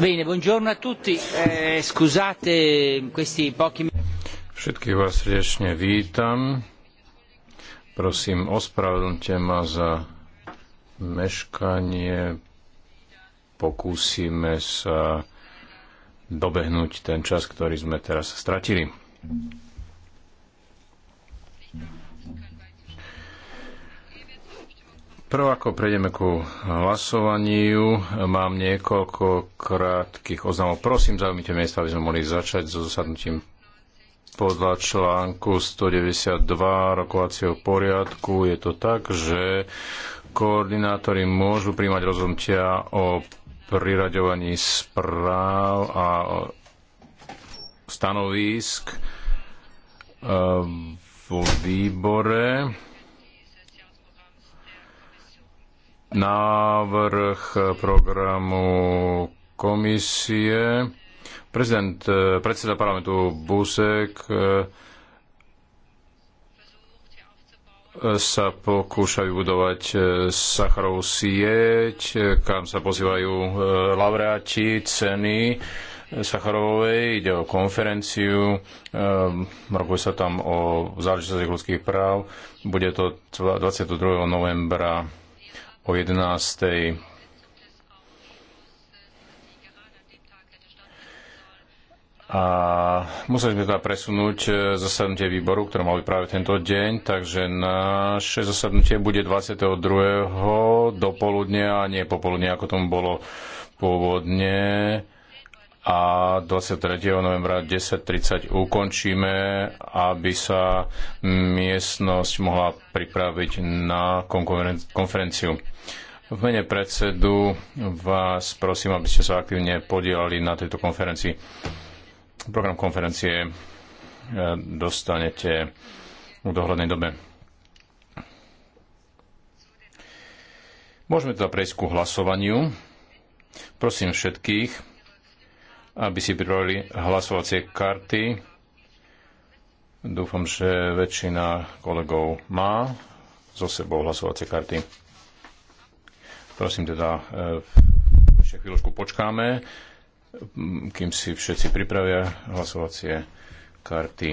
Bene, buongiorno a tutti. Eh, scusate questi pochi Všetkých vás srdečne vítam. Prosím, ospravedlňte ma za meškanie. Pokúsime sa dobehnúť ten čas, ktorý sme teraz stratili. Prvo, ako prejdeme ku hlasovaniu, mám niekoľko krátkých oznamov. Prosím, zaujímite miesta, aby sme mohli začať so zasadnutím podľa článku 192 rokovacieho poriadku. Je to tak, že koordinátori môžu príjmať rozhodnutia o priraďovaní správ a stanovísk eh, vo výbore návrh programu komisie. Prezident, eh, predseda parlamentu Busek eh, sa pokúšajú budovať eh, Sacharov sieť, kam sa pozývajú laureáti ceny Sacharovej, ide o konferenciu, rokuje sa tam o záležitosti ľudských práv, bude to 22. novembra o 11. A museli sme teda presunúť e, zasadnutie výboru, ktoré mali práve tento deň, takže naše zasadnutie bude 22. do poludnia a nie popoludne, ako tomu bolo pôvodne a 23. novembra 10.30 ukončíme, aby sa miestnosť mohla pripraviť na konferenciu. V mene predsedu vás prosím, aby ste sa aktívne podielali na tejto konferencii. Program konferencie e, dostanete v dohľadnej dobe. Môžeme teda prejsť ku hlasovaniu. Prosím všetkých, aby si pribrali hlasovacie karty. Dúfam, že väčšina kolegov má so sebou hlasovacie karty. Prosím teda, e, ešte chvíľočku počkáme, kým si všetci pripravia hlasovacie karty.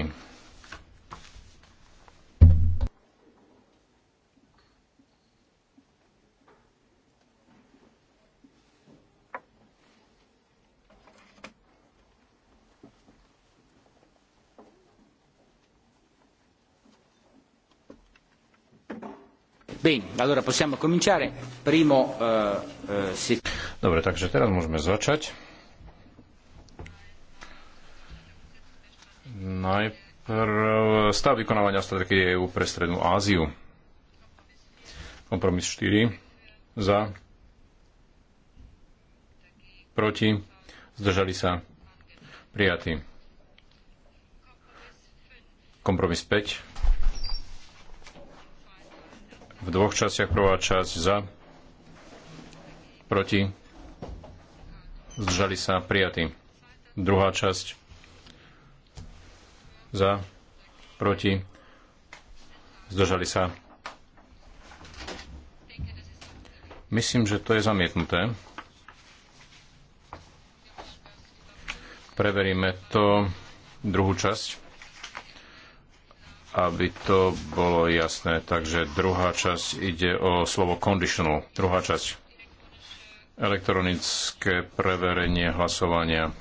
Bene, allora possiamo cominciare. Primo, uh, uh, si... Dobre, takže teraz môžeme začať. Najprv stav vykonávania strategie EU pre Strednú Áziu. Kompromis 4. Za. Proti. Zdržali sa. Prijatý. Kompromis 5 v dvoch častiach. Prvá časť za, proti, zdržali sa prijatí. Druhá časť za, proti, zdržali sa. Myslím, že to je zamietnuté. Preveríme to druhú časť aby to bolo jasné. Takže druhá časť ide o slovo conditional. Druhá časť. Elektronické preverenie hlasovania.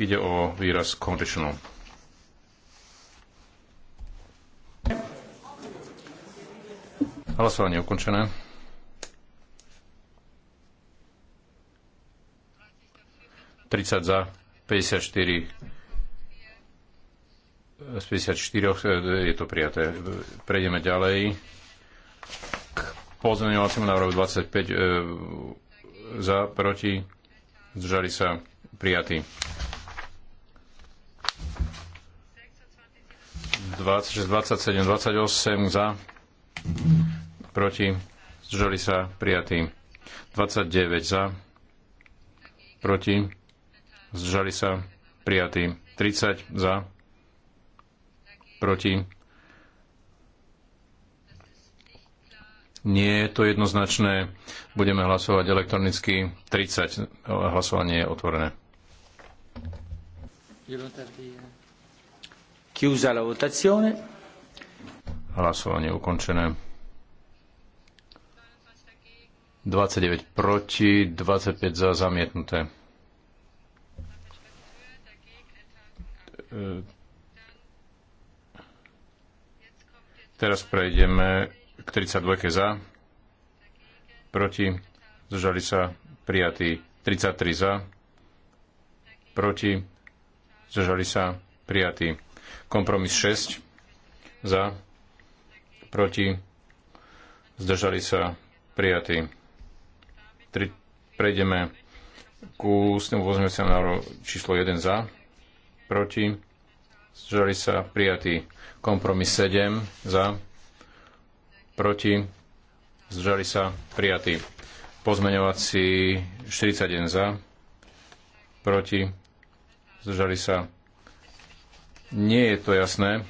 Ide o výraz conditional. Hlasovanie ukončené. Tridsať za, 54 z 54 e, je to prijaté. E, prejdeme ďalej k pozmeňovacímu návrhu 25 e, za, proti, zdržali sa prijatí. 26, 27, 28 za, proti, zdržali sa prijatí. 29 za, proti, zdržali sa prijatí. 30 za, proti. Nie je to jednoznačné. Budeme hlasovať elektronicky. 30. Hlasovanie je otvorené. Chiusa la votazione. Hlasovanie je ukončené. 29 proti, 25 za zamietnuté. E Teraz prejdeme k 32 za, proti, zdržali sa, prijatí 33 za, proti, zdržali sa, prijatí. Kompromis 6 za, proti, zdržali sa, prijatí. Tri, prejdeme ku ústnemu pozmeňujúcemu číslo 1 za, proti, zdržali sa prijatí. Kompromis 7 za, proti, zdržali sa prijatí. Pozmeňovací 41 za, proti, zdržali sa. Nie je to jasné.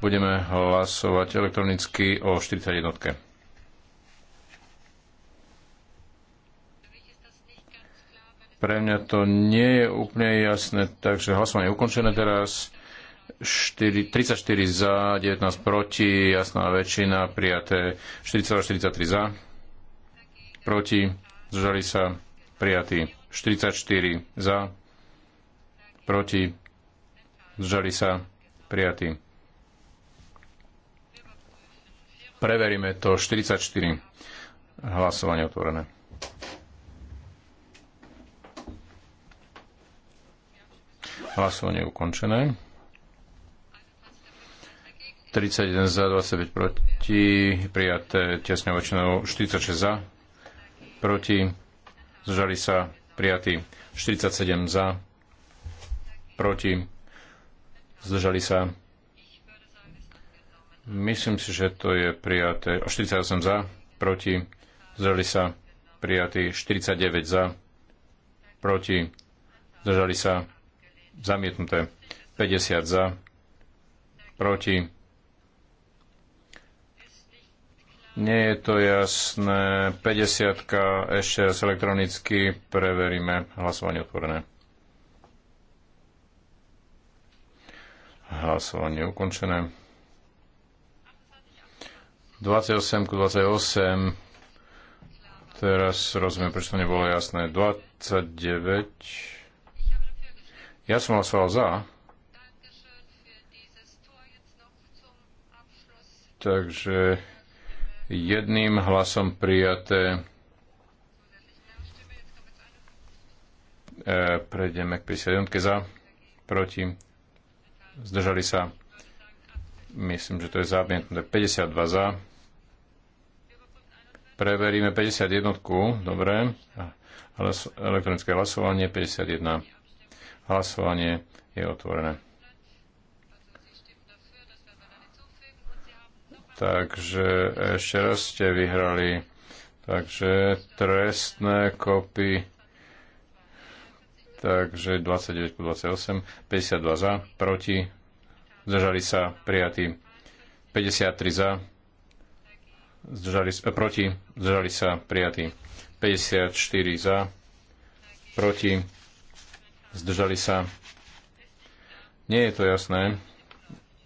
Budeme hlasovať elektronicky o 41. Pre mňa to nie je úplne jasné, takže hlasovanie je ukončené teraz. 4, 34 za, 19 proti, jasná väčšina, prijaté 4,43 za, proti, zdržali sa, prijatí 44 za, proti, zdržali sa, prijatí. Preveríme to 44. Hlasovanie otvorené. Hlasovanie ukončené. 31 za, 25 proti, prijaté tesne väčšinou 46 za, proti, zdržali sa, prijatí 47 za, proti, zdržali sa. Myslím si, že to je prijaté 48 za, proti, zdržali sa, prijatí 49 za, proti, zdržali sa, zamietnuté 50 za, proti, Nie je to jasné. 50 ešte raz elektronicky preveríme. Hlasovanie otvorené. Hlasovanie ukončené. 28 ku 28. Teraz rozumiem, prečo to nebolo jasné. 29. Ja som hlasoval za. Takže jedným hlasom prijaté. E, prejdeme k 51 za, proti, zdržali sa. Myslím, že to je zamietnuté. 52 za. Preveríme 51. Dobre. Elektronické hlasovanie 51. Hlasovanie je otvorené. Takže ešte raz ste vyhrali. Takže trestné kopy. Takže 29 po 28, 52 za, proti, zdržali sa prijatí 53 za, zdržali, eh, proti, zdržali sa prijatí 54 za, proti, zdržali sa. Nie je to jasné.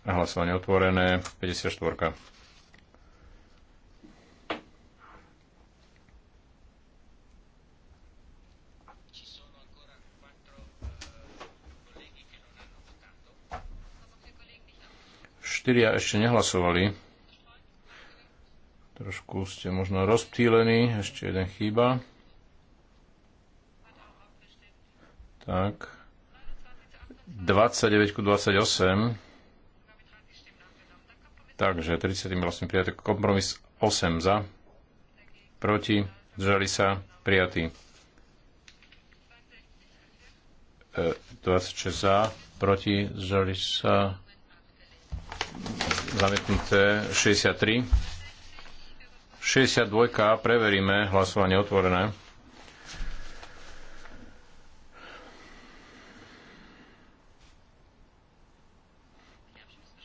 Hlasovanie otvorené, 54. štyria ešte nehlasovali. Trošku ste možno rozptýlení, ešte jeden chýba. Tak. 29 ku 28. Takže 30 vlastne prijatý kompromis 8 za. Proti. Zdržali sa. Prijatý. 26 e, za. Proti. Zdržali sa zamietnuté 63. 62. Preveríme. Hlasovanie otvorené.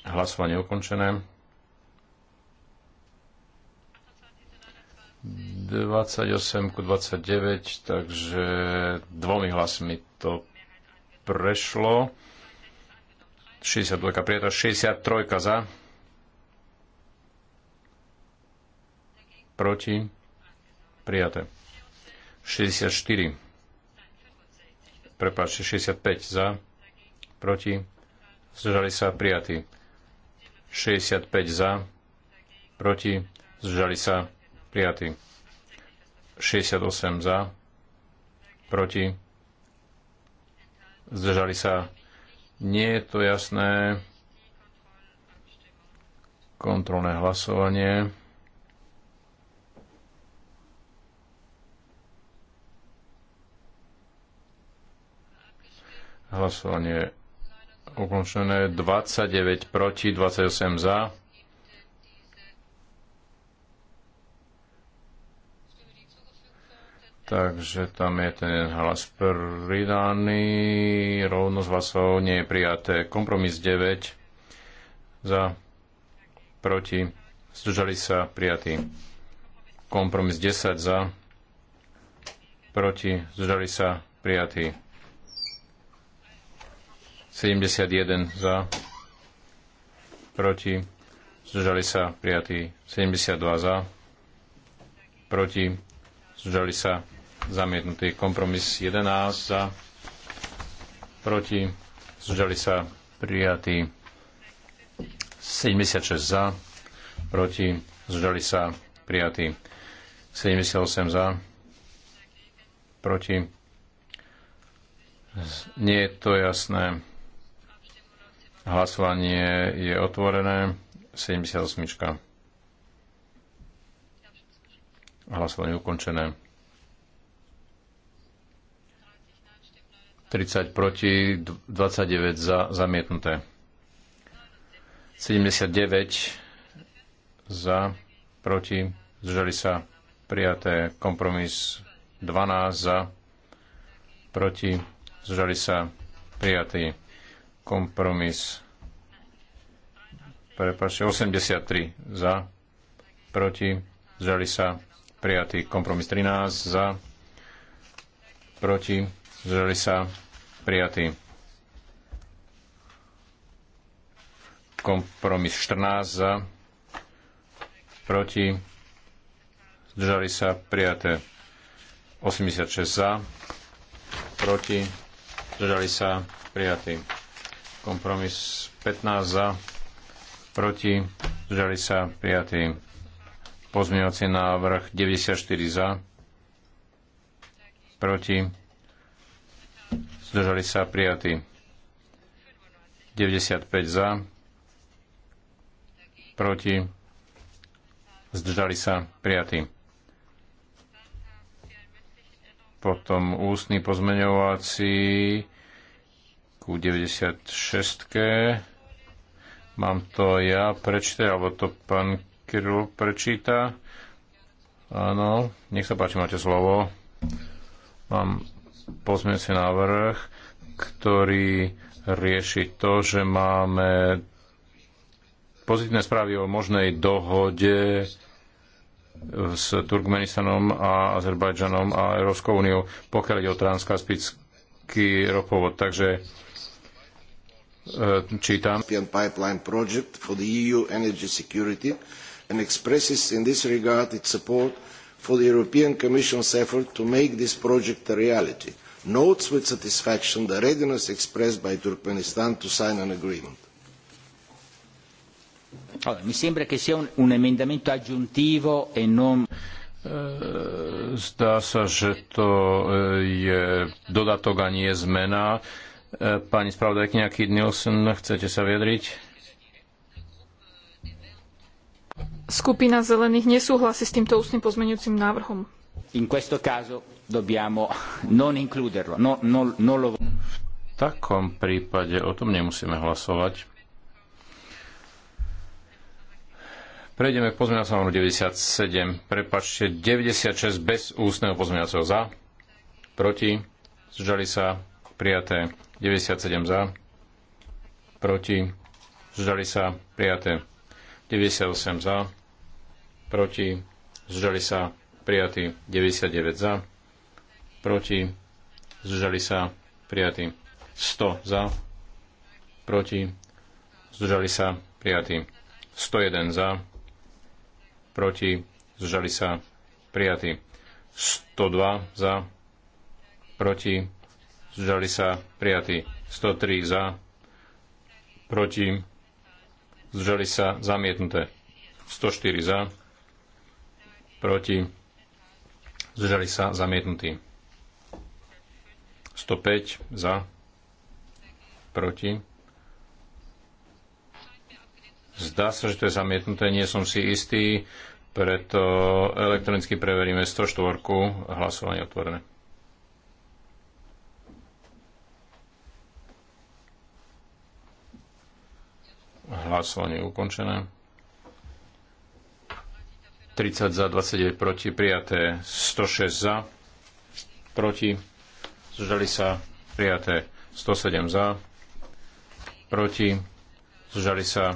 Hlasovanie ukončené. 28 ku 29, takže dvomi hlasmi to prešlo. 62 prijatá, 63 za, proti, prijaté. 64, prepáčte, 65 za, proti, zdržali sa, prijatí. 65 za, proti, zdržali sa, prijatí. 68 za, proti, zdržali sa, nie je to jasné. Kontrolné hlasovanie. Hlasovanie ukončené 29 proti, 28 za. Takže tam je ten jeden hlas pridaný, rovnosť hlasov nie je prijaté. Kompromis 9 za, proti, zdržali sa prijatí. Kompromis 10 za, proti, zdržali sa prijatí. 71 za, proti, zdržali sa prijatí. 72 za, proti, zdržali sa zamietnutý. Kompromis 11 za, proti, zdržali sa prijatí 76 za, proti, zdržali sa prijatí 78 za, proti. Nie je to jasné. Hlasovanie je otvorené. 78. Hlasovanie ukončené. 30 proti, 29 za, zamietnuté. 79 za, proti, zdržali sa prijaté kompromis 12 za, proti, zdržali sa prijatý kompromis prepáčte, 83 za, proti, zdržali sa prijatý kompromis 13 za, proti, zdržali sa prijatý. Kompromis 14 za, proti, zdržali sa prijaté 86 za, proti, zdržali sa prijatý. Kompromis 15 za, proti, zdržali sa prijatý. Pozmeňovací návrh 94 za, proti, zdržali sa prijatí. 95 za, proti, zdržali sa prijatí. Potom ústny pozmeňovací ku 96. Mám to ja prečítať, alebo to pán Kirill prečíta. Áno, nech sa páči, máte slovo. Mám pozmeňujúci návrh, ktorý rieši to, že máme pozitívne správy o možnej dohode s Turkmenistanom a Azerbajdžanom a Európskou úniou, pokiaľ ide o transkaspický ropovod. Takže e, čítam. Pipeline project for the EU energy security and expresses in this regard its support for the European Commission's effort to make this project a reality, notes with satisfaction the readiness expressed by Turkmenistan to sign an agreement. Allora, mi sembra che sia un, un emendamento aggiuntivo e non... Eh, zdá sa, že to eh, je dodatok a nie zmena. Eh, pani spravodajkynia Kid chcete sa vyjadriť? Skupina zelených nesúhlasí s týmto ústnym pozmeňujúcim návrhom. In questo caso dobbiamo non includerlo. No, no, no lo... V takom prípade o tom nemusíme hlasovať. Prejdeme k pozmeňovacom návrhu 97. Prepačte, 96 bez ústneho pozmeňovacieho za. Proti. Zdržali sa. Prijaté. 97 za. Proti. Zdržali sa. Prijaté. 98 za, proti, zdržali sa, prijatí 99 za, proti, zdržali sa, prijatí 100 za, proti, zdržali sa, prijatí 101 za, proti, zdržali sa, prijatí 102 za, proti, zdržali sa, prijatí 103 za, proti, zdržali sa zamietnuté. 104 za, proti, zdržali sa zamietnutí. 105 za, proti. Zdá sa, že to je zamietnuté, nie som si istý, preto elektronicky preveríme 104, hlasovanie otvorené. Hlasovanie je ukončené. 30 za, 29 proti, prijaté 106 za, proti, zdržali sa, prijaté 107 za, proti, zdržali sa,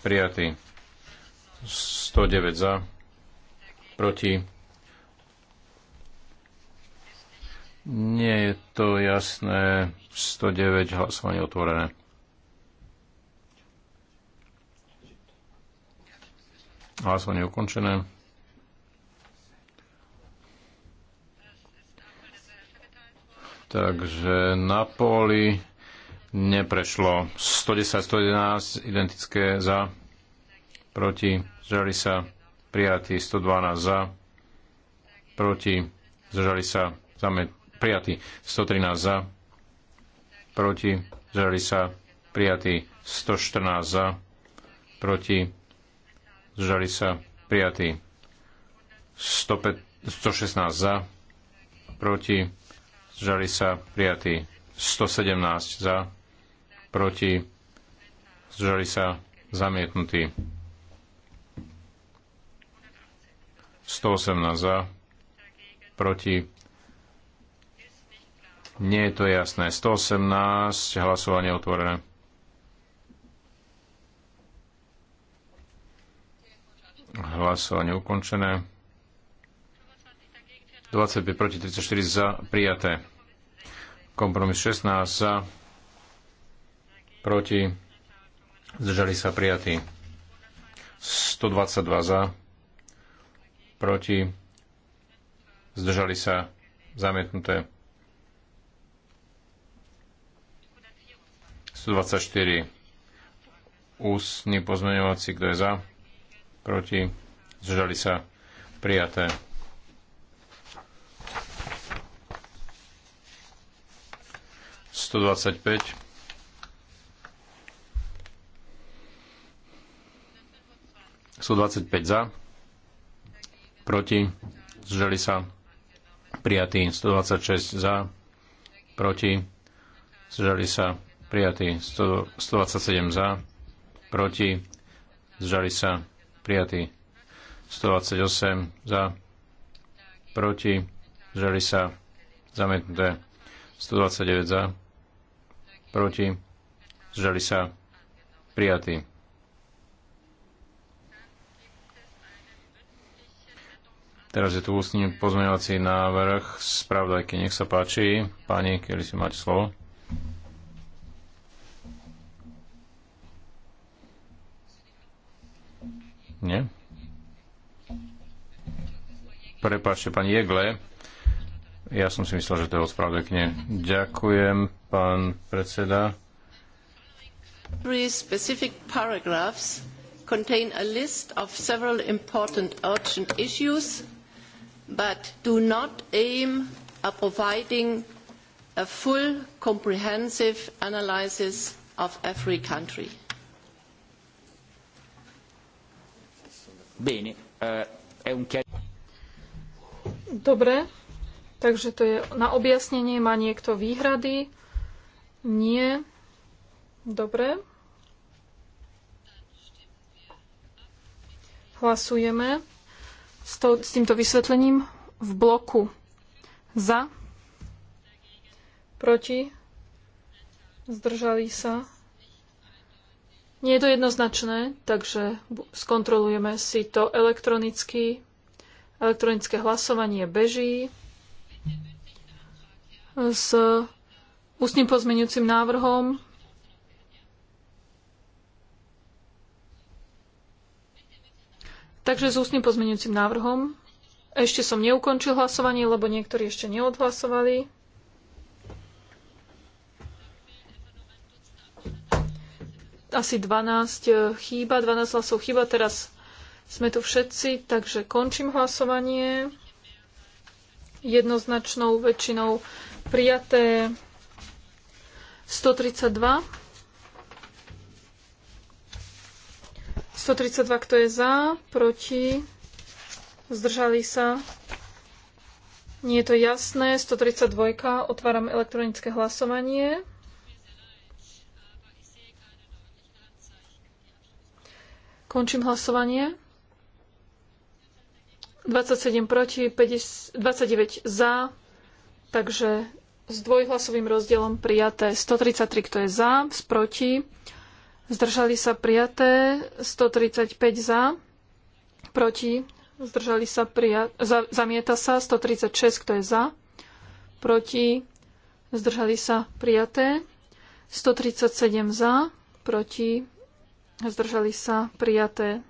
prijatí 109 za, proti. Nie je to jasné, 109 hlasovanie otvorené. Hlasovanie ukončené. Takže na poli neprešlo 110, 111 identické za, proti, zdržali sa, prijatí 112 za, proti, zdržali sa, zamet, prijatí 113 za, proti, zdržali sa, prijatí 114 za, proti, zdržali sa prijatí 116 za, proti, zdržali sa prijatí 117 za, proti, zdržali sa zamietnutí 118 za, proti, nie je to jasné, 118, hlasovanie otvorené. Hlasovanie ukončené. 25 proti 34 za prijaté. Kompromis 16 za proti zdržali sa prijatí. 122 za proti zdržali sa zamietnuté. 124 ústny pozmeňovací, kto je za? proti, zdržali sa prijaté. Sto dvadsať päť. Sto dvadsať päť za, proti, zdržali sa prijatí 126 za, proti, zdržali sa prijatí 127 za, proti, zdržali sa prijatý. 128 za, proti, zdržali sa, zamietnuté. 129 za, proti, zdržali sa, prijatý. Teraz je tu ústny pozmeňovací návrh. Spravdajky, nech sa páči. Pani, keď si máte slovo. Nie? Prepáčte, pani Jegle. Ja som si myslel, že to je ospravedlne. Ďakujem, pán predseda. Three specific paragraphs contain a list of several important urgent issues, but do not aim at providing a full comprehensive analysis of every country. Bene, eh, è un chiar... Dobre, takže to je na objasnenie. Má niekto výhrady? Nie. Dobre. Hlasujeme s, to, s týmto vysvetlením v bloku za, proti, zdržali sa, nie je to jednoznačné, takže skontrolujeme si to elektronicky. Elektronické hlasovanie beží s ústnym pozmeňujúcim návrhom. Takže s ústnym pozmeňujúcim návrhom. Ešte som neukončil hlasovanie, lebo niektorí ešte neodhlasovali. asi 12 e, chýba, 12 hlasov chýba, teraz sme tu všetci, takže končím hlasovanie. Jednoznačnou väčšinou prijaté 132. 132, kto je za, proti, zdržali sa. Nie je to jasné. 132, otváram elektronické hlasovanie. Končím hlasovanie. 27 proti, 50, 29 za, takže s dvojhlasovým rozdielom prijaté 133, kto je za, proti, zdržali sa prijaté 135 za, proti, zdržali sa prijaté, za, zamieta sa 136, kto je za, proti, zdržali sa prijaté 137 za, proti, zdržali sa prijaté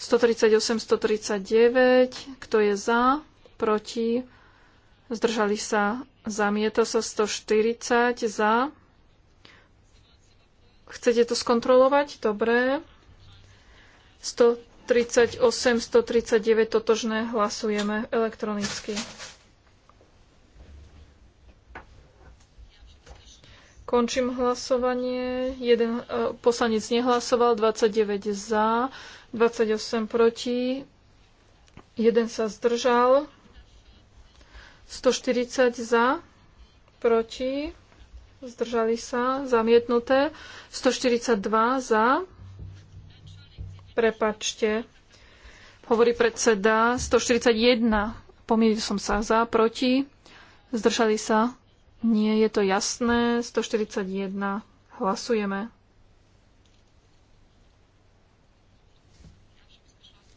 138, 139, kto je za, proti, zdržali sa, zamieta sa 140 za. Chcete to skontrolovať? Dobre. 138, 139 totožné hlasujeme elektronicky. Končím hlasovanie. Jeden e, poslanec nehlasoval, 29 za, 28 proti, jeden sa zdržal, 140 za, proti, zdržali sa, zamietnuté, 142 za, prepačte, hovorí predseda, 141, pomýlil som sa, za, proti, zdržali sa, nie je to jasné. 141. Hlasujeme.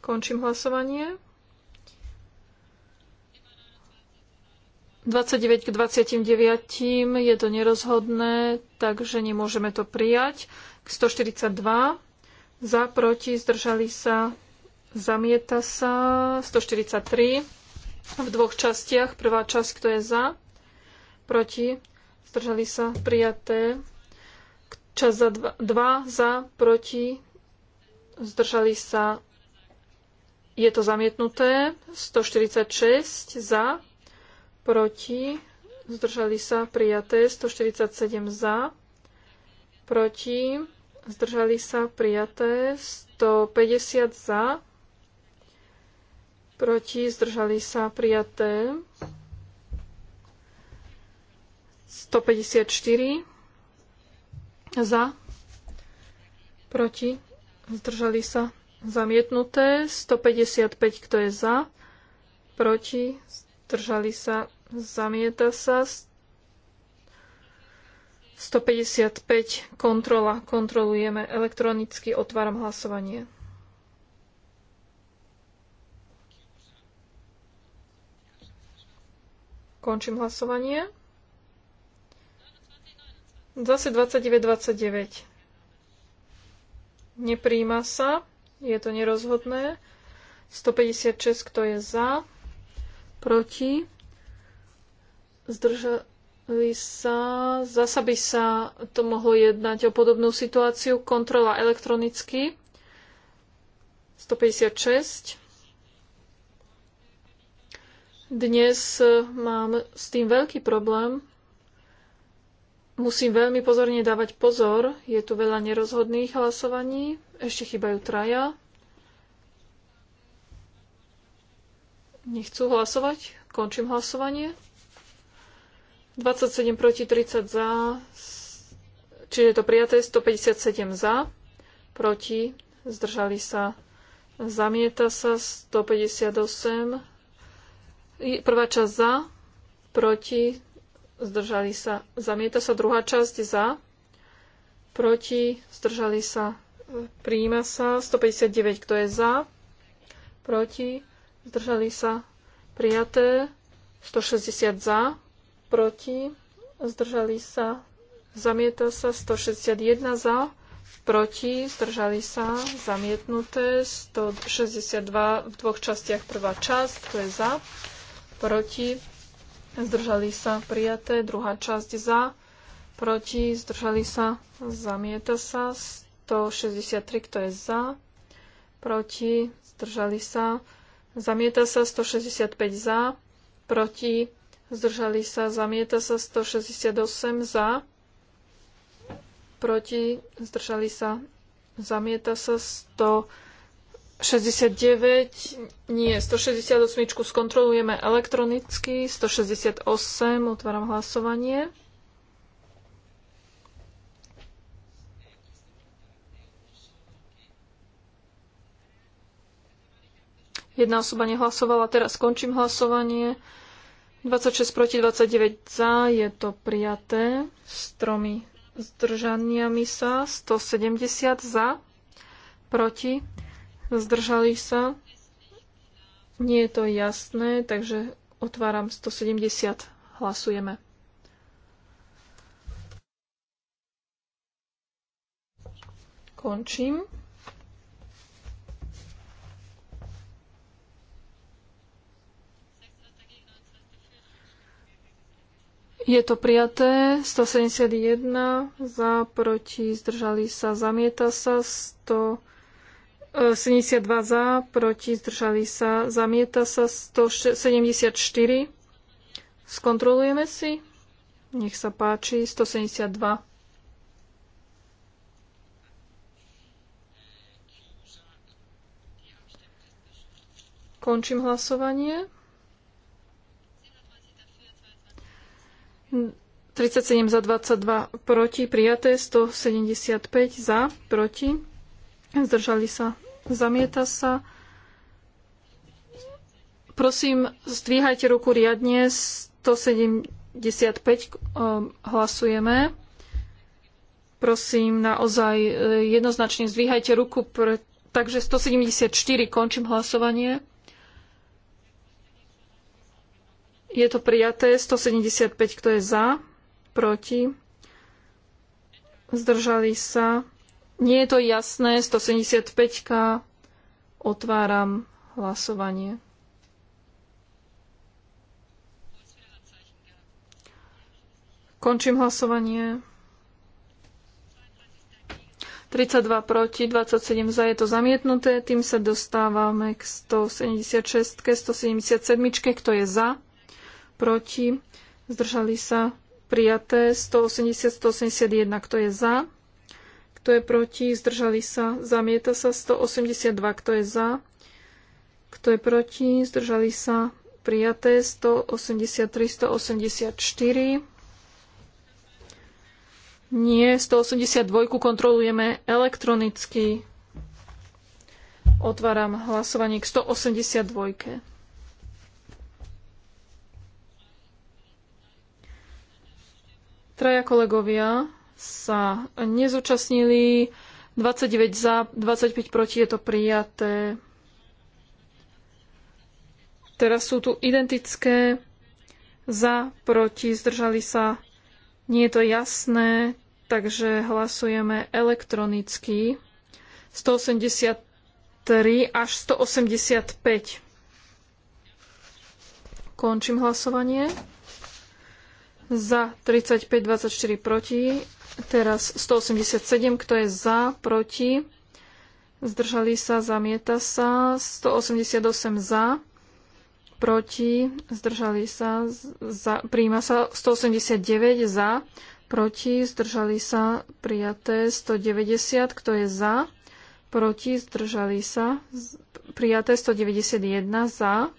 Končím hlasovanie. 29 k 29 je to nerozhodné, takže nemôžeme to prijať. K 142 za, proti, zdržali sa, zamieta sa. 143 v dvoch častiach. Prvá časť, kto je za, proti, zdržali sa prijaté. Čas za 2 za, proti, zdržali sa. Je to zamietnuté. 146 za, proti, zdržali sa prijaté. 147 za, proti, zdržali sa prijaté. 150 za, proti, zdržali sa prijaté. 154 za, proti, zdržali sa zamietnuté, 155 kto je za, proti, zdržali sa, zamieta sa, 155 kontrola, kontrolujeme elektronicky, otváram hlasovanie. Končím hlasovanie. Zase 29-29. Nepríjma sa. Je to nerozhodné. 156, kto je za. Proti. Zdržali sa. Zasa by sa to mohlo jednať o podobnú situáciu. Kontrola elektronicky. 156. Dnes eh, mám s tým veľký problém. Musím veľmi pozorne dávať pozor, je tu veľa nerozhodných hlasovaní, ešte chýbajú traja. Nechcú hlasovať, končím hlasovanie. 27 proti 30 za, čiže je to prijaté 157 za, proti, zdržali sa, zamieta sa 158, prvá časť za, proti, zdržali sa, zamieta sa druhá časť za, proti, zdržali sa, prijíma sa, 159, kto je za, proti, zdržali sa, prijaté, 160 za, proti, zdržali sa, zamieta sa, 161 za, proti, zdržali sa, zamietnuté, 162 v dvoch častiach prvá časť, kto je za, proti, zdržali sa prijaté, druhá časť za, proti, zdržali sa, zamieta sa, 163, kto je za, proti, zdržali sa, zamieta sa, 165 za, proti, zdržali sa, zamieta sa, 168 za, proti, zdržali sa, zamieta sa, 100 69, nie, 168 skontrolujeme elektronicky, 168, otváram hlasovanie. Jedna osoba nehlasovala, teraz skončím hlasovanie. 26 proti 29 za, je to prijaté s tromi zdržaniami sa, 170 za, proti zdržali sa. Nie je to jasné, takže otváram 170. Hlasujeme. Končím. Je to prijaté. 171 za, proti, zdržali sa, zamieta sa. 100 72 za, proti, zdržali sa, zamieta sa 174. Skontrolujeme si. Nech sa páči, 172. Končím hlasovanie. 37 za 22 proti, prijaté 175 za, proti Zdržali sa. Zamieta sa. Prosím, zdvíhajte ruku riadne. 175 eh, hlasujeme. Prosím, naozaj eh, jednoznačne zdvíhajte ruku. Pre... Takže 174 končím hlasovanie. Je to prijaté. 175, kto je za, proti. Zdržali sa. Nie je to jasné, 175K, otváram hlasovanie. Končím hlasovanie. 32 proti, 27 za je to zamietnuté, tým sa dostávame k 176, 177, kto je za, proti, zdržali sa prijaté, 180, 181, kto je za, kto je proti, zdržali sa, zamieta sa 182, kto je za, kto je proti, zdržali sa, prijaté 183, 184. Nie, 182 kontrolujeme elektronicky. Otváram hlasovanie k 182. Traja kolegovia sa nezúčastnili, 29 za, 25 proti je to prijaté. Teraz sú tu identické za, proti, zdržali sa. Nie je to jasné, takže hlasujeme elektronicky. 183 až 185. Končím hlasovanie. Za 35, 24 proti Teraz 187, kto je za, proti, zdržali sa, zamieta sa. 188 za, proti, zdržali sa, za, príjma sa. 189 za, proti, zdržali sa, prijaté. 190, kto je za, proti, zdržali sa, prijaté. 191 za,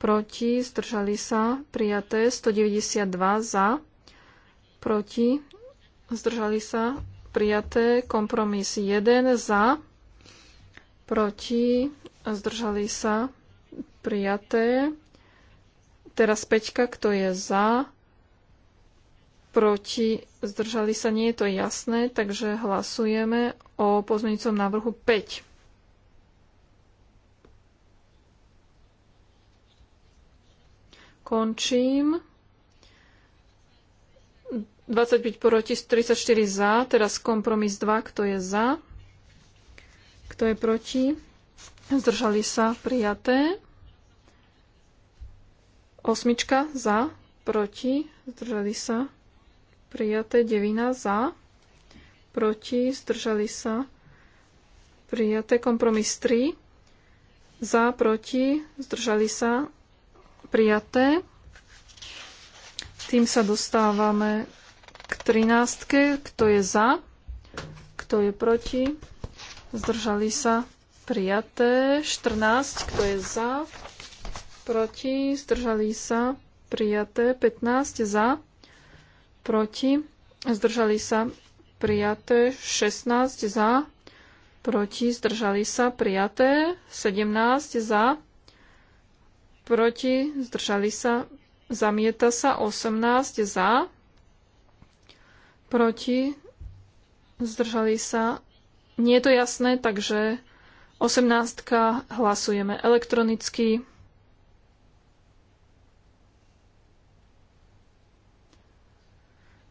proti, zdržali sa, prijaté. 192 za, proti, zdržali sa, prijaté. Kompromis 1 za, proti, zdržali sa, prijaté. Teraz peťka, kto je za, proti, zdržali sa, nie je to jasné, takže hlasujeme o pozmeňujúcom návrhu 5. Končím. 25 proti 34 za, teraz kompromis 2, kto je za, kto je proti, zdržali sa prijaté. Osmička za, proti, zdržali sa prijaté. Devina za, proti, zdržali sa prijaté. Kompromis 3, za, proti, zdržali sa prijaté. Tým sa dostávame 13. Kto je za? Kto je proti? Zdržali sa? Prijaté. 14. Kto je za? Proti? Zdržali sa? Prijaté. 15. Za? Proti? Zdržali sa? Prijaté. 16. Za? Proti? Zdržali sa? Prijaté. 17. Za? Proti? Zdržali sa? Zamieta sa? 18. Za? proti, zdržali sa. Nie je to jasné, takže 18 hlasujeme elektronicky.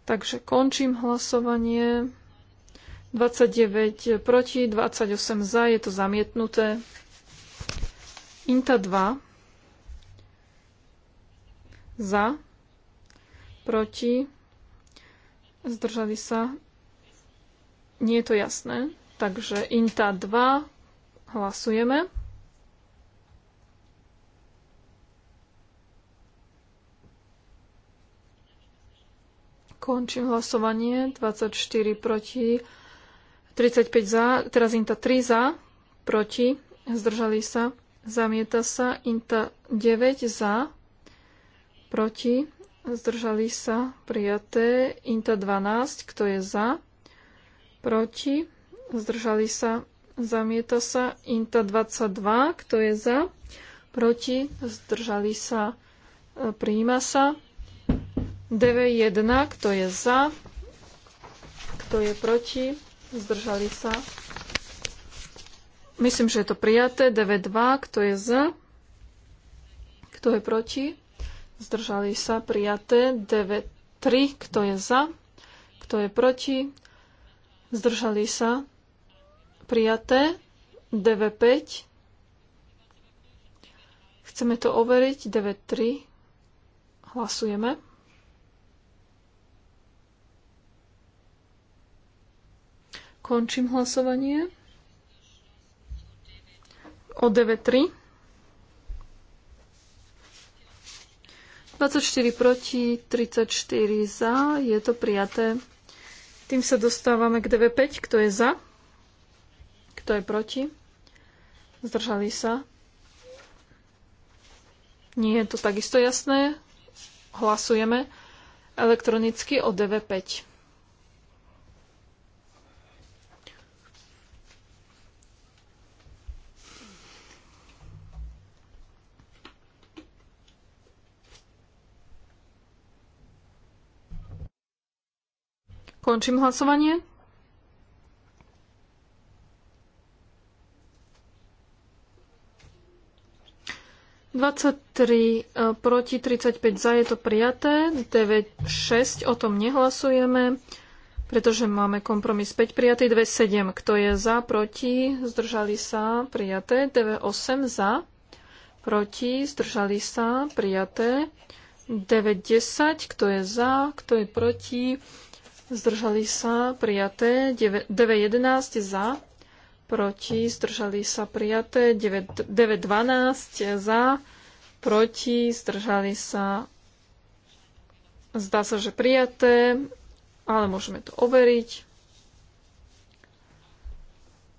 Takže končím hlasovanie. 29 proti, 28 za, je to zamietnuté. Inta 2 za, proti, Zdržali sa? Nie je to jasné. Takže INTA 2 hlasujeme. Končím hlasovanie. 24 proti, 35 za, teraz INTA 3 za, proti, zdržali sa, zamieta sa, INTA 9 za, proti, Zdržali sa prijaté. Inta 12, kto je za? Proti. Zdržali sa. Zamieta sa. Inta 22, kto je za? Proti. Zdržali sa. E, prijíma sa. DV1, kto je za? Kto je proti? Zdržali sa. Myslím, že je to prijaté. DV2, kto je za? Kto je proti? zdržali sa prijaté 9, 3, kto je za, kto je proti, zdržali sa prijaté 9, 5. Chceme to overiť 9, 3. Hlasujeme. Končím hlasovanie. O 9.3. 24 proti, 34 za, je to prijaté. Tým sa dostávame k DV5, kto je za, kto je proti. Zdržali sa. Nie je to takisto jasné. Hlasujeme elektronicky o DV5. Končím hlasovanie. E, proti, 35 za, je to prijaté. 9, 6, o tom nehlasujeme, pretože máme kompromis 5 prijatý, 2, 7, kto je za, proti, zdržali sa, prijaté. 9, 8 za, proti, zdržali sa, prijaté. 9, 10, kto je za, kto je proti, zdržali sa prijaté, 9.11 za, proti, zdržali sa prijaté, 9.12 za, proti, zdržali sa, zdá sa, že prijaté, ale môžeme to overiť.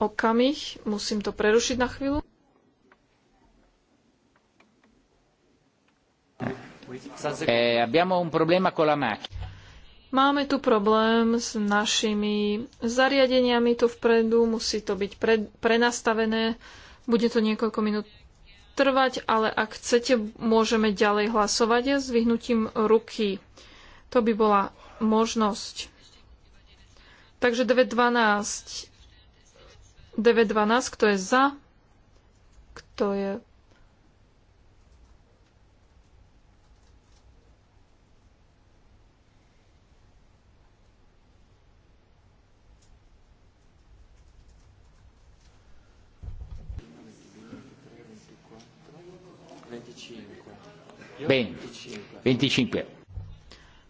Okamih, musím to prerušiť na chvíľu. Eh, abbiamo un problema con la macchina. Máme tu problém s našimi zariadeniami tu vpredu, musí to byť pre, prenastavené, bude to niekoľko minút trvať, ale ak chcete, môžeme ďalej hlasovať s vyhnutím ruky. To by bola možnosť. Takže 9.12. 9.12, kto je za, kto je Bene, 25.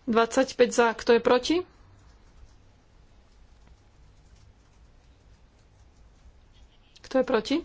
25 za, kto je proti? Kto je proti?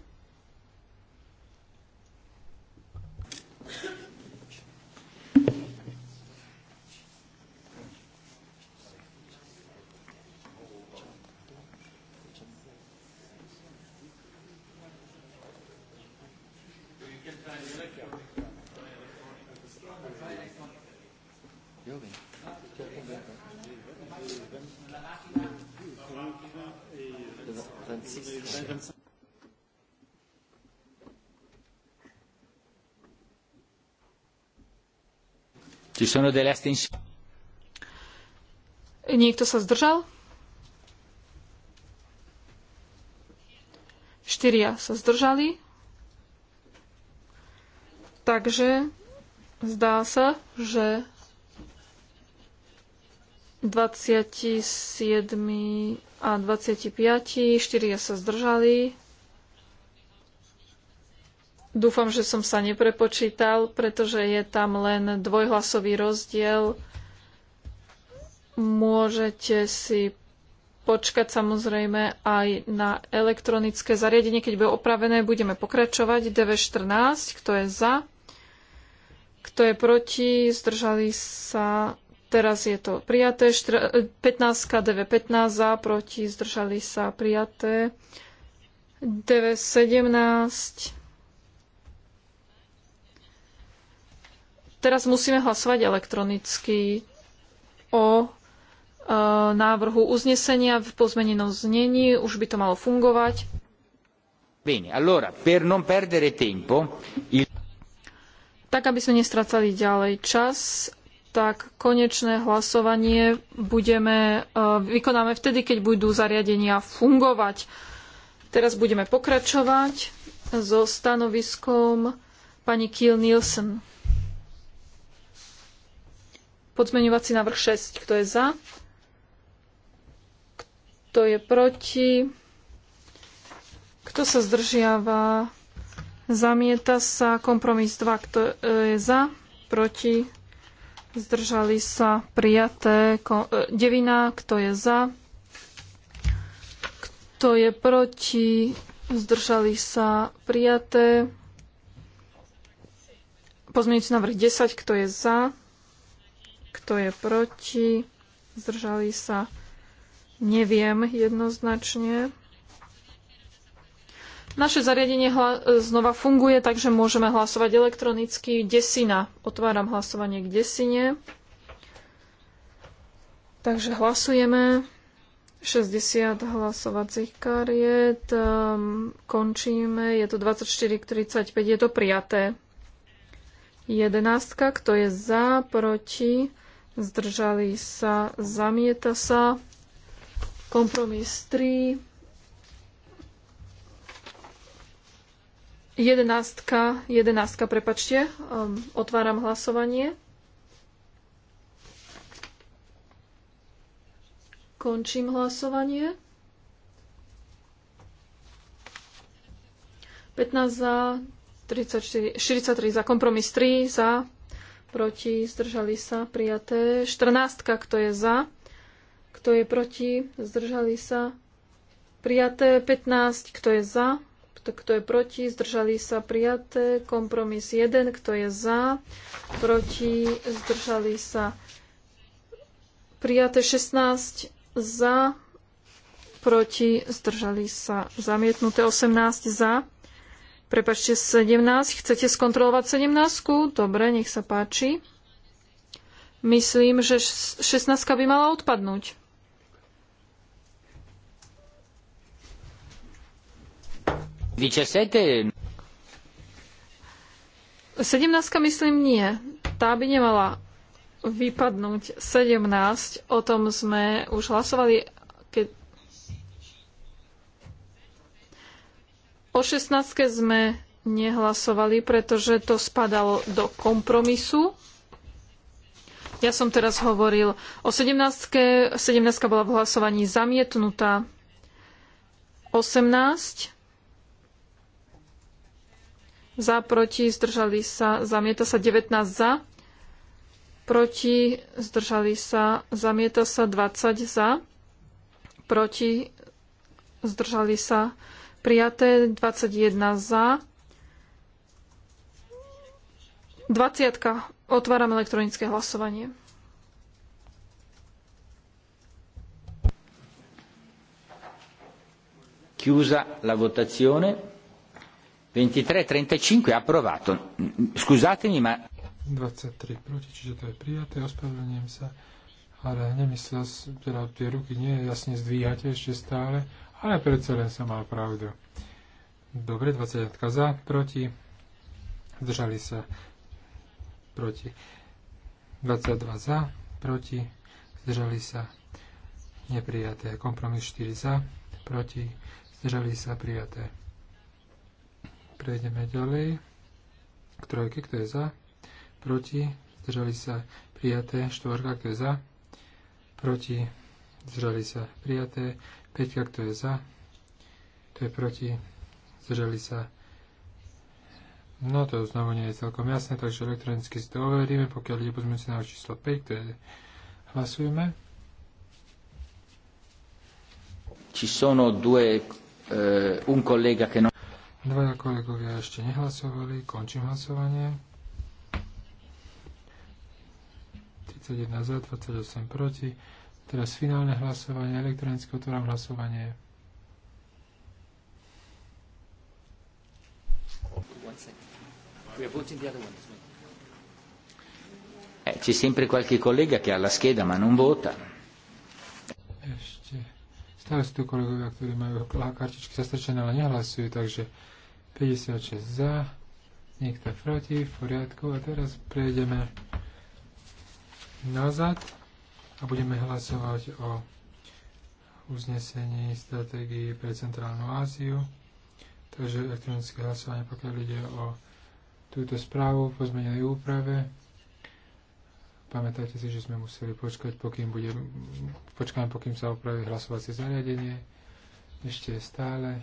Ci sono delle astensioni? Niekto sa zdržal? Štyria sa zdržali. Takže zdá sa, že 27 a 25, 4 sa zdržali. Dúfam, že som sa neprepočítal, pretože je tam len dvojhlasový rozdiel. Môžete si počkať samozrejme aj na elektronické zariadenie. Keď bude opravené, budeme pokračovať. DV14, kto je za? Kto je proti? Zdržali sa Teraz je to prijaté. 15 DV15 za, proti, zdržali sa prijaté. DV17. Teraz musíme hlasovať elektronicky o e, návrhu uznesenia v pozmenenom znení. Už by to malo fungovať. Bene, allora, per non perdere tempo, il... Tak, aby sme nestracali ďalej čas, tak konečné hlasovanie budeme, e, vykonáme vtedy, keď budú zariadenia fungovať. Teraz budeme pokračovať so stanoviskom pani Kiel Nielsen. Podmeňovací návrh 6. Kto je za? Kto je proti? Kto sa zdržiava? Zamieta sa kompromis 2. Kto e, je za? Proti? zdržali sa prijaté e, devina, kto je za, kto je proti, zdržali sa prijaté pozmeňujúci návrh 10, kto je za, kto je proti, zdržali sa, neviem jednoznačne. Naše zariadenie znova funguje, takže môžeme hlasovať elektronicky. Desina. Otváram hlasovanie k desine. Takže hlasujeme. 60 hlasovacích kariet. Ehm, končíme. Je to 24 k 35. Je to prijaté. 11. Kto je za, proti, zdržali sa, zamieta sa. Kompromis 3. Jedenástka, jedenástka, prepačte, um, otváram hlasovanie. Končím hlasovanie. 15 za, 34, 43 za, kompromis 3 za, proti, zdržali sa, prijaté. 14, kto je za, kto je proti, zdržali sa, prijaté. 15, kto je za, kto je proti, zdržali sa prijaté. Kompromis 1, kto je za, proti, zdržali sa prijaté 16, za, proti, zdržali sa zamietnuté 18, za. Prepačte, 17. Chcete skontrolovať 17? Dobre, nech sa páči. Myslím, že 16 by mala odpadnúť. 17. 17 myslím nie. Tá by nemala vypadnúť 17. O tom sme už hlasovali, keď o 16. sme nehlasovali, pretože to spadalo do kompromisu. Ja som teraz hovoril o 17. 17. bola v hlasovaní zamietnutá. 18 za, proti, zdržali sa, zamieta sa 19 za, proti, zdržali sa, zamieta sa 20 za, proti, zdržali sa, prijaté 21 za, 20. Otváram elektronické hlasovanie. Chiusa la votazione. 23, 35 approvato. Scusatemi, ma... 23 proti, čiže to je prijaté, ospravedlňujem sa. Ale nemyslel, teda tie ruky nie jasne zdvíhate ešte stále, ale predsa len som mal pravdu. Dobre, 21 za, proti, zdržali sa, proti. 22 za, proti, zdržali sa, neprijaté. Kompromis 4 za, proti, zdržali sa, prijaté. Prejdeme ďalej. K trojke, kto je za? Proti. Zdržali sa prijaté. Štvorka, kto je za? Proti. Zdržali sa prijaté. Peťka, kto je za? Kto je proti? Zdržali sa No to znovu nie je celkom jasné, takže elektronicky si to overíme, pokiaľ ide si na číslo 5, ktoré hlasujeme. Ci sono due, eh, un collega che non Dvaja kolegovia ešte nehlasovali. Končím hlasovanie. 31 za, 28 proti. Teraz finálne hlasovanie, elektronické otváram hlasovanie. Eh, c'è sempre qualche collega che ha la scheda ma non vota. Ešte. Stále sú tu kolegovia, ktorí majú kartičky zastrčené, ale nehlasujú, takže 56 za, niekto proti, v poriadku. A teraz prejdeme nazad a budeme hlasovať o uznesení stratégii pre Centrálnu Áziu. Takže elektronické hlasovanie, pokiaľ ide o túto správu po zmenenej úprave. Pamätajte si, že sme museli počkať, pokým bude, počkáme, pokým sa opraví hlasovacie zariadenie. Ešte je stále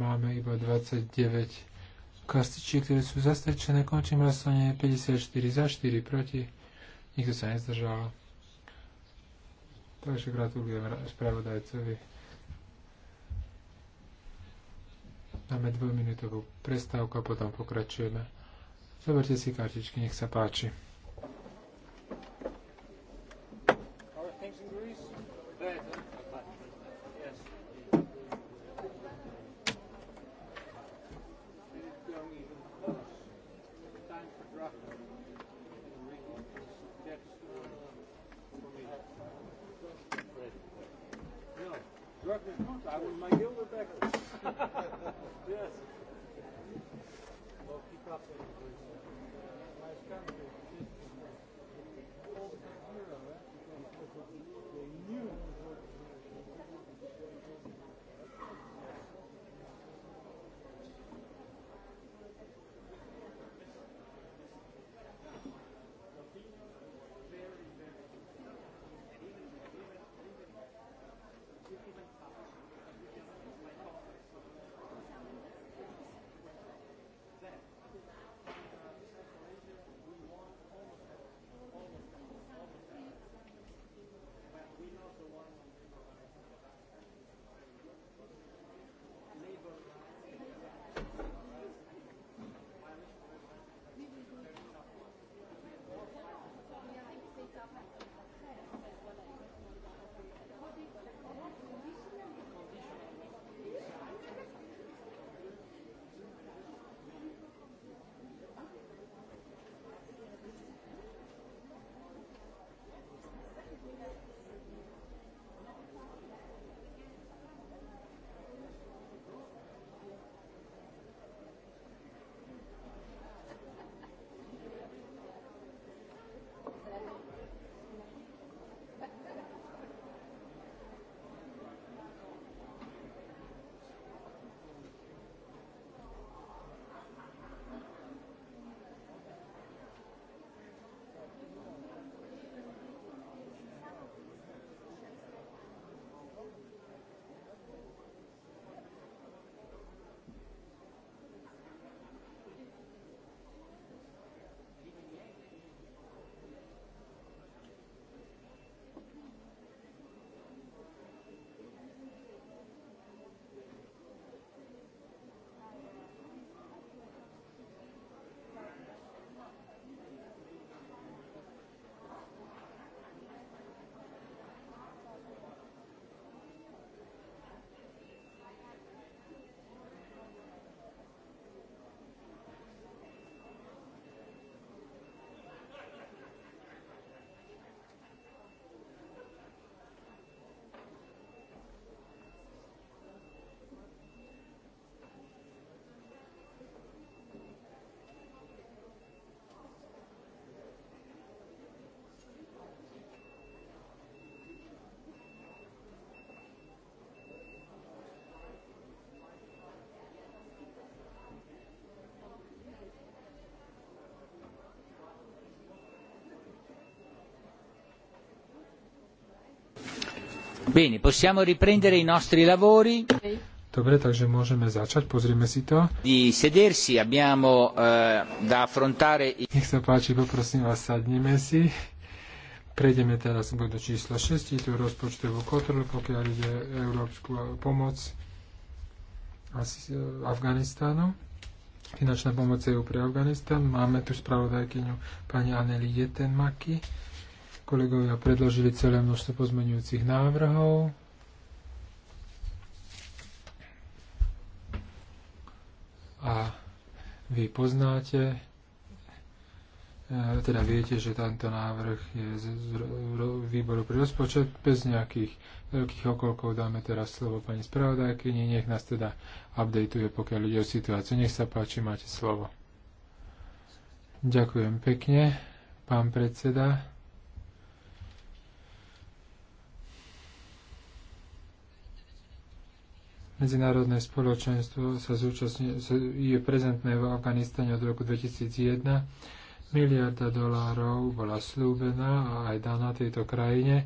Máme iba 29 kastičiek, ktoré sú zastrčené. Končím hlasovanie 54 za 4 proti. Nikto sa nezdržal. Takže gratulujem spravodajcovi. Dáme dvojminútovú prestávku a potom pokračujeme. Zoberte si kartičky, nech sa páči. Are things in Greece. Bene, possiamo riprendere i nostri lavori. Dobre, takže môžeme začať, pozrieme si to. Di sedersi abbiamo eh, da affrontare... Nech sa páči, poprosím vás, sadneme si. Prejdeme teraz k bodu číslo 6, tu rozpočtovú kontrolu, pokiaľ ide európsku eh, pomoc eh, Afganistánu. Finančná pomoc EU pre Afganistán. Máme tu spravodajkyňu pani Anneli Jetenmaki. Kolegovia predložili celé množstvo pozmenujúcich návrhov. A vy poznáte, eh, teda viete, že tento návrh je z výboru pre rozpočet bez nejakých veľkých okolkov. Dáme teraz slovo pani spravodajkyni, nech nás teda updateuje, pokiaľ ide o situáciu. Nech sa páči, máte slovo. Ďakujem pekne, pán predseda. Medzinárodné spoločenstvo sa zúčastne, je prezentné v Afganistane od roku 2001. Miliarda dolárov bola slúbená a aj daná tejto krajine.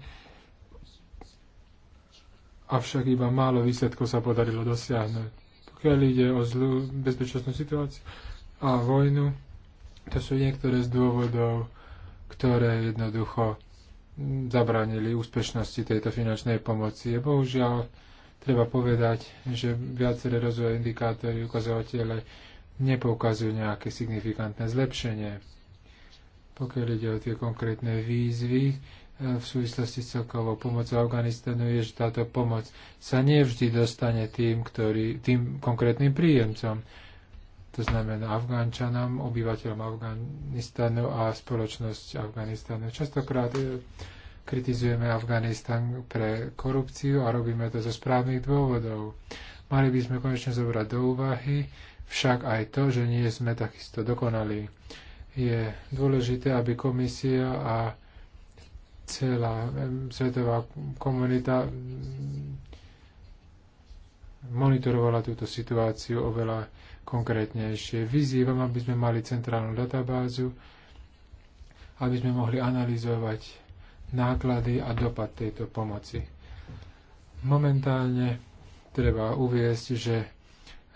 Avšak iba málo výsledkov sa podarilo dosiahnuť. Pokiaľ ide o zlú bezpečnostnú situáciu a vojnu, to sú niektoré z dôvodov, ktoré jednoducho zabránili úspešnosti tejto finančnej pomoci. Bohužiaľ, treba povedať, že viaceré rozvojové indikátory, ukazovatele nepoukazujú nejaké signifikantné zlepšenie. Pokiaľ ide o tie konkrétne výzvy e, v súvislosti s celkovou pomocou Afganistanu, je, že táto pomoc sa nevždy dostane tým, ktorý, tým konkrétnym príjemcom, to znamená Afgánčanom, obyvateľom Afganistanu a spoločnosť Afganistanu. Častokrát e, Kritizujeme Afganistan pre korupciu a robíme to zo správnych dôvodov. Mali by sme konečne zobrať do úvahy však aj to, že nie sme takisto dokonali. Je dôležité, aby komisia a celá svetová komunita monitorovala túto situáciu oveľa konkrétnejšie. Vyzývam, aby sme mali centrálnu databázu, aby sme mohli analyzovať náklady a dopad tejto pomoci. Momentálne treba uviesť, že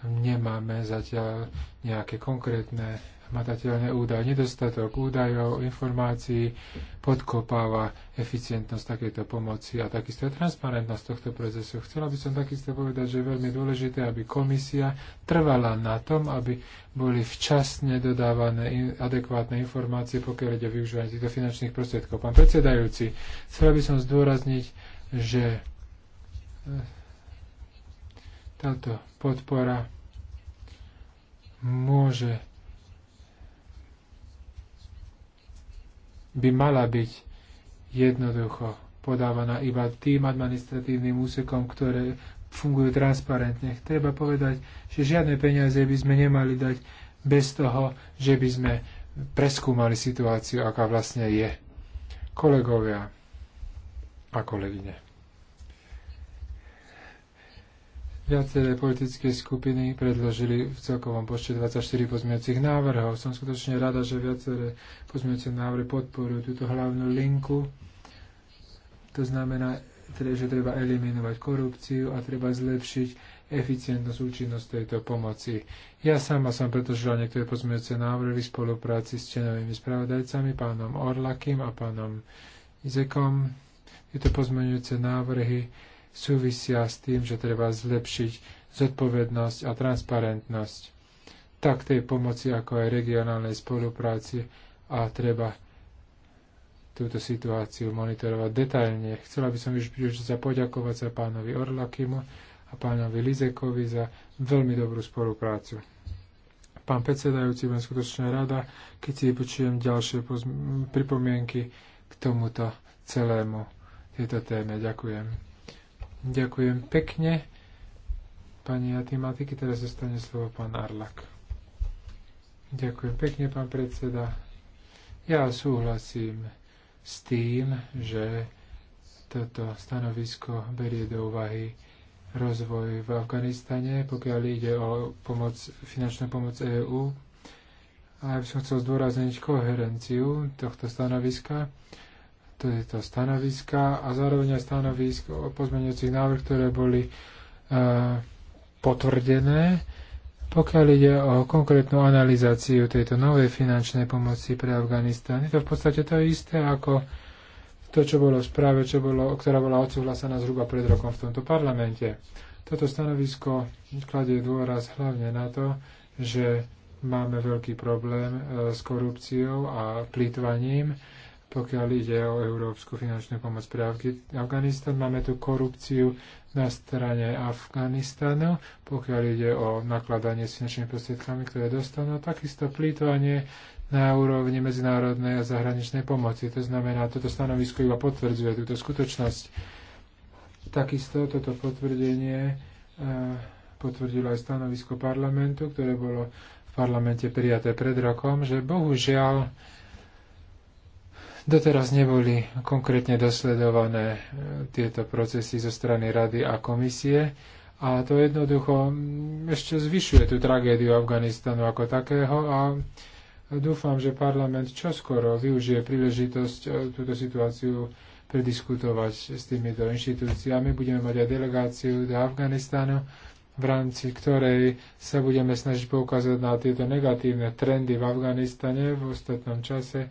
nemáme zatiaľ nejaké konkrétne matateľné údaje. Nedostatok údajov, informácií podkopáva eficientnosť takejto pomoci a takisto aj transparentnosť tohto procesu. Chcela by som takisto povedať, že je veľmi dôležité, aby komisia trvala na tom, aby boli včasne dodávané adekvátne informácie, pokiaľ ide o využívanie týchto finančných prostriedkov. Pán predsedajúci, chcela by som zdôrazniť, že eh, táto podpora môže by mala byť jednoducho podávaná iba tým administratívnym úsekom, ktoré fungujú transparentne. Treba povedať, že žiadne peniaze by sme nemali dať bez toho, že by sme preskúmali situáciu, aká vlastne je. Kolegovia a kolegyne. Viaceré politické skupiny predložili v celkovom počte 24 pozmeňujúcich návrhov. Som skutočne rada, že viaceré pozmeňujúce návrhy podporujú túto hlavnú linku. To znamená, že treba eliminovať korupciu a treba zlepšiť eficientnosť, účinnosť tejto pomoci. Ja sama som predložila niektoré pozmeňujúce návrhy v spolupráci s členovými spravodajcami, pánom Orlakim a pánom Izekom. Tieto pozmeňujúce návrhy súvisia s tým, že treba zlepšiť zodpovednosť a transparentnosť tak tej pomoci, ako aj regionálnej spolupráci a treba túto situáciu monitorovať detailne. Chcela by som už sa poďakovať sa pánovi Orlakimu a pánovi Lizekovi za veľmi dobrú spoluprácu. Pán predsedajúci, budem skutočne rada, keď si vypočujem ďalšie pripomienky k tomuto celému tejto téme. Ďakujem. Ďakujem pekne. Pani Atimatiky, teraz zostane slovo pán Arlak. Ďakujem pekne, pán predseda. Ja súhlasím s tým, že toto stanovisko berie do úvahy rozvoj v Afganistane, pokiaľ ide o pomoc, finančnú pomoc EÚ. A ja by som chcel zdôrazniť koherenciu tohto stanoviska to je to stanoviska a zároveň aj stanovisk o pozmeňujúcich návrh, ktoré boli e, potvrdené. Pokiaľ ide o konkrétnu analizáciu tejto novej finančnej pomoci pre Afganistán, je to v podstate to isté ako to, čo bolo v správe, čo bolo, ktorá bola odsúhlasená zhruba pred rokom v tomto parlamente. Toto stanovisko kladie dôraz hlavne na to, že máme veľký problém e, s korupciou a plýtvaním pokiaľ ide o európsku finančnú pomoc pre Afganistan. Máme tu korupciu na strane Afganistanu, pokiaľ ide o nakladanie s finančnými prostriedkami, ktoré dostanú, takisto plýtovanie na úrovni medzinárodnej a zahraničnej pomoci. To znamená, toto stanovisko iba potvrdzuje túto skutočnosť. Takisto toto potvrdenie e, potvrdilo aj stanovisko parlamentu, ktoré bolo v parlamente prijaté pred rokom, že bohužiaľ Doteraz neboli konkrétne dosledované e, tieto procesy zo strany Rady a komisie a to jednoducho ešte zvyšuje tú tragédiu Afganistanu ako takého a dúfam, že parlament čoskoro využije príležitosť e, túto situáciu prediskutovať s týmito inštitúciami. Budeme mať aj delegáciu do Afganistanu, v rámci ktorej sa budeme snažiť poukázať na tieto negatívne trendy v Afganistane v ostatnom čase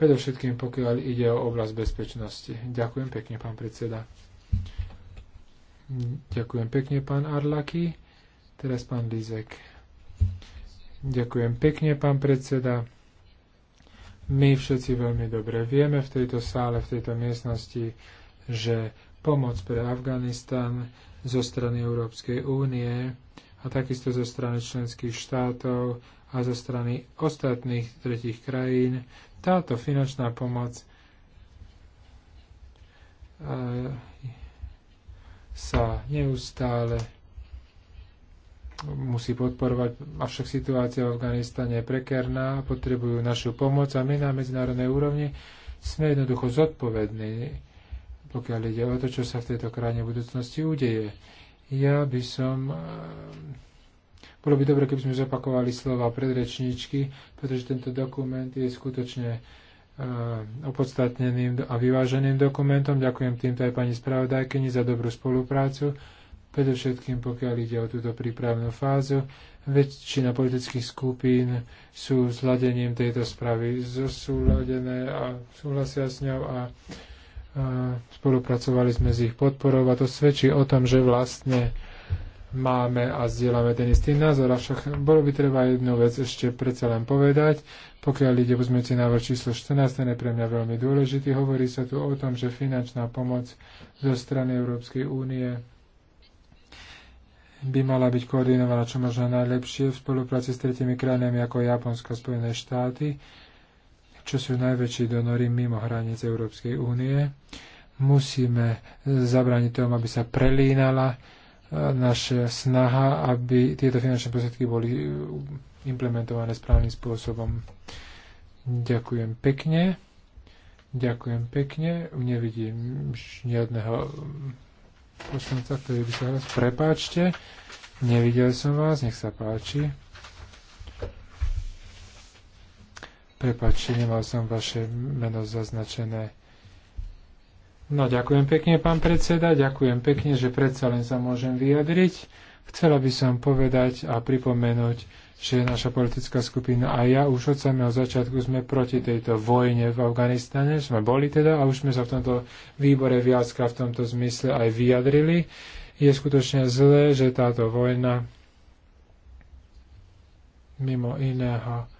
predovšetkým pokiaľ ide o oblasť bezpečnosti. Ďakujem pekne, pán predseda. Ďakujem pekne, pán Arlaky. Teraz pán Lízek. Ďakujem pekne, pán predseda. My všetci veľmi dobre vieme v tejto sále, v tejto miestnosti, že pomoc pre Afganistan zo strany Európskej únie a takisto zo strany členských štátov a zo strany ostatných tretich krajín táto finančná pomoc eh, sa neustále musí podporovať, avšak situácia v Afganistane je prekerná, potrebujú našu pomoc a my na medzinárodnej úrovni sme jednoducho zodpovední, pokiaľ ide o to, čo sa v tejto krajine v budúcnosti udeje. Ja by som eh, bolo by dobre, keby sme zopakovali slova predrečníčky, pretože tento dokument je skutočne e, opodstatneným a vyváženým dokumentom. Ďakujem týmto aj pani spravodajkyni za dobrú spoluprácu, predovšetkým pokiaľ ide o túto prípravnú fázu. Väčšina politických skupín sú s hľadením tejto správy zosúladené a súhlasia s ňou a, a e, spolupracovali sme s ich podporou a to svedčí o tom, že vlastne máme a zdieľame ten istý názor, avšak bolo by treba jednu vec ešte predsa len povedať. Pokiaľ ide pozmeňujúci návrh číslo 14, ten je pre mňa veľmi dôležitý. Hovorí sa tu o tom, že finančná pomoc zo strany Európskej únie by mala byť koordinovaná čo možno najlepšie v spolupráci s tretimi krajinami ako Japonsko a Spojené štáty, čo sú najväčší donory mimo hranic Európskej únie. Musíme zabrániť tomu, aby sa prelínala naša snaha, aby tieto finančné prostriedky boli e, implementované správnym spôsobom. Ďakujem pekne. Ďakujem pekne. Nevidím žiadneho poslanca, ktorý by sa hlas. Prepáčte. Nevidel som vás. Nech sa páči. Prepáčte, nemal som vaše meno zaznačené. No ďakujem pekne, pán predseda, ďakujem pekne, že predsa len sa môžem vyjadriť. Chcela by som povedať a pripomenúť, že naša politická skupina a ja už od samého začiatku sme proti tejto vojne v Afganistane, sme boli teda a už sme sa v tomto výbore viacka v tomto zmysle aj vyjadrili. Je skutočne zlé, že táto vojna mimo iného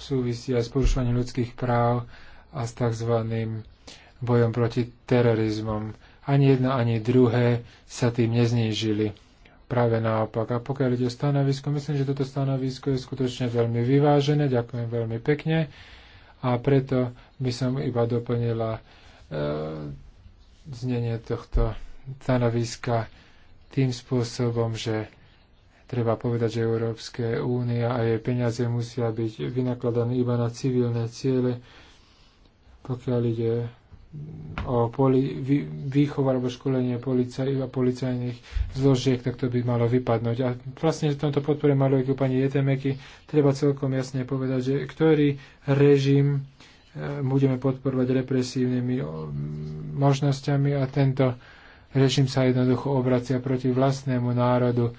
súvisí aj s porušovaním ľudských práv a s takzvaným bojom proti terorizmom. Ani jedno, ani druhé sa tým neznížili. Práve naopak. A pokiaľ ide o stanovisko, myslím, že toto stanovisko je skutočne veľmi vyvážené. Ďakujem veľmi pekne. A preto by som iba doplnila e, znenie tohto stanoviska tým spôsobom, že treba povedať, že Európske únia a jej peniaze musia byť vynakladané iba na civilné ciele, pokiaľ ide o poli, vý, alebo školenie policaj, a policajných zložiek, tak to by malo vypadnúť. A vlastne v tomto podpore aj pani Jetemeky treba celkom jasne povedať, že ktorý režim e, budeme podporovať represívnymi možnosťami a tento režim sa jednoducho obracia proti vlastnému národu. E,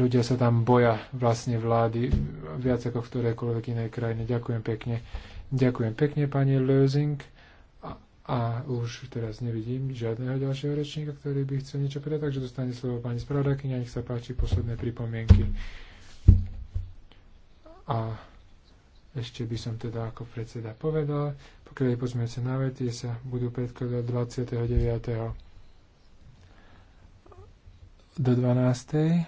ľudia sa tam boja vlastne vlády viac ako v ktorejkoľvek inej krajine. Ďakujem pekne. Ďakujem pekne, pani Lösing. A už teraz nevidím žiadneho ďalšieho rečníka, ktorý by chcel niečo povedať, takže dostane slovo pani spravodajkyňa, nech sa páči posledné pripomienky. A ešte by som teda ako predseda povedal, pokiaľ je pozmeňujúce návrhy, tie sa budú predkladať 29. do 12.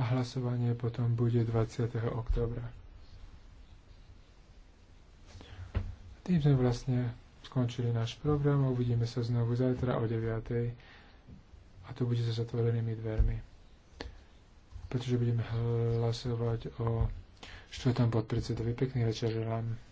a hlasovanie potom bude 20. oktobra. Tým sme vlastne skončili náš program uvidíme sa znovu zajtra o 9. A to bude sa zatvorenými dvermi. Pretože budeme hlasovať o štvrtom podpredsedovi. Pekný večer želám.